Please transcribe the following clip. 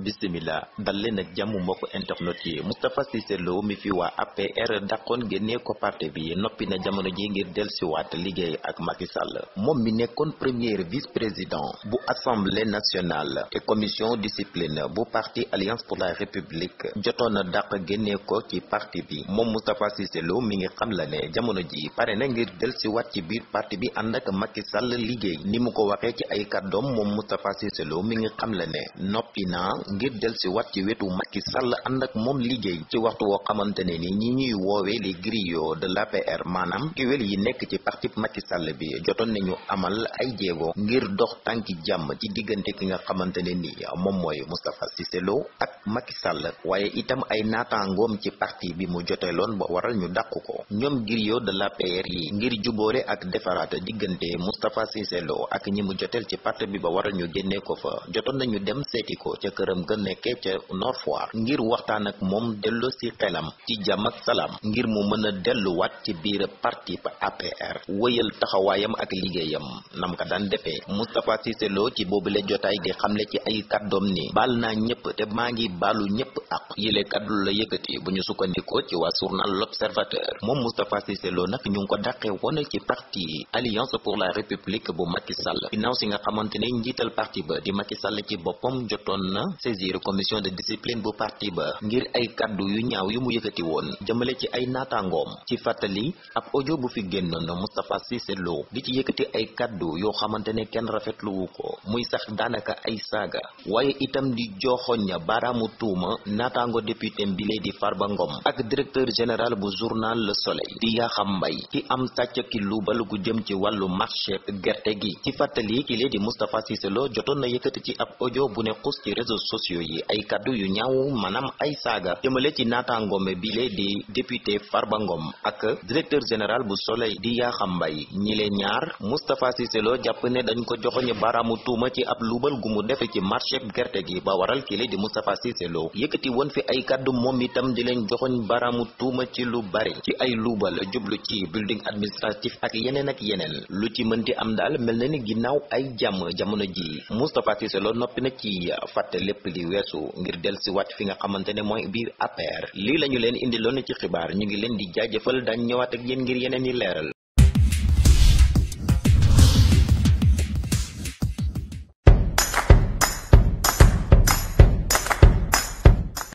bisimila dal leen ak jàmm mbokk internet yi Moustapha Cissé Lo mi fi waa APR dàqoon génnee ko parti bi noppi na jamono ji ngir dellusiwaat liggéey ak Macky Sall moom mi nekkoon premier vice président bu assemblée nationale et commission discipline bu parti alliance pour la république jotoon na dàq génnee ko ci parti bi moom Moustapha Cissé Lo mi ngi xam la ne jamono ji pare na ngir dellusiwaat ci biir parti bi ànd ak Macky Sall liggéey ni mu ko waxee ci ay kàddoom moom Moustapha Cissé mi ngi xam la ne noppi ngir del si wat ci wetu Macky Sall ànd ak moom liggéey ci waxtu woo xamante ne ni ñi ñuy woowee les griots de l'APR maanaam kiwél yi nekk ci parti Macky Sall bi jotoon nañu amal ay jéego ngir dox tànki jàmm ci diggante ki nga xamante ne ni moom mooy Moustapha Cissé Lo ak Macky Sall waaye itam ay naataangoom ci parti bi mu joteeloon ba waral ñu dàqu ko ñoom griots de l'APR yi ngir juboole ak defaraata diggante Moustapha Cissé Lo ak ñi mu joteel ci parti bi ba waral ñu génnee ko fa jotoon nañu dem seeti ko ca kër këram ga nekkee ca Nord ngir waxtaan ak moom dellu si xelam ci jàmm ak salaam ngir mu mën a delluwaat ci biir parti ba APR wëyal taxawaayam ak liggéeyam nam ka daan defee Moustapha Cissé Lo ci boobu boobule jotaay di xamle ci ay kàddoom ni baal naa ñëpp te maa ngi baalu ñëpp ak yile kàddu la yëkkati bu ñu sukkandikoo ci waa journal L'Observateur moom Moustapha Cissé Lo nag ñu ngi ko dàqe woon ci parti Alliance pour la République bu Macky Sall ginnaaw si nga xamante ne njiital parti ba di saisir commission de discipline bu parti ba ngir ay kàddu yu ñaaw yu mu yëkkati woon jëmale ci ay naataangoom ci fàttali ab audio bu fi génnoon Moustapha Cissé Lo di ci yëkkati ay kaddu yoo xamante ne kenn rafetluwu ko muy sax daanaka ay saaga waaye itam di joxoñ ña baaraamu tuuma naataango député mbile di Farba ngoom ak directeur général bu journal la Soleil di Yaxam Mbaye ki am sàcc ki lu balu gu jëm ci wàllu marché gerte gi ci fàttali ki lee di Moustapha Cissé Lo jotoon na ci ab bu ne xus ci sociaux yi ay kaddu yu ñaaw maanaam ay saaga jëmale ci bi bile di député Farba Ngom ak directeur général bu Soleil di Yakham Mbaye ñi leen ñaar Moustapha Cissé Lo jàpp ne dañ ko joxoñe baaraamu tuuma ci ab luubal gu mu defe ci marché gerte gi ba waral kile di Moustapha Cissé Lo yëkkati woon fi ay kaddu moom itam di leen joxoñ baaraamu tuuma ci lu bari ci ay luubal jublu ci building administratif ak yeneen ak yeneen lu ci mënti am daal mel na ni ginnaaw ay jàmm jamono ji lépp weesu ngir delsi wat fi nga xamante ne mooy biir APR lii la ñu leen indiloon ci xibaar ñu ngi leen di jaajëfal dañ ñëwaat ak yéen ngir yeneen i leeral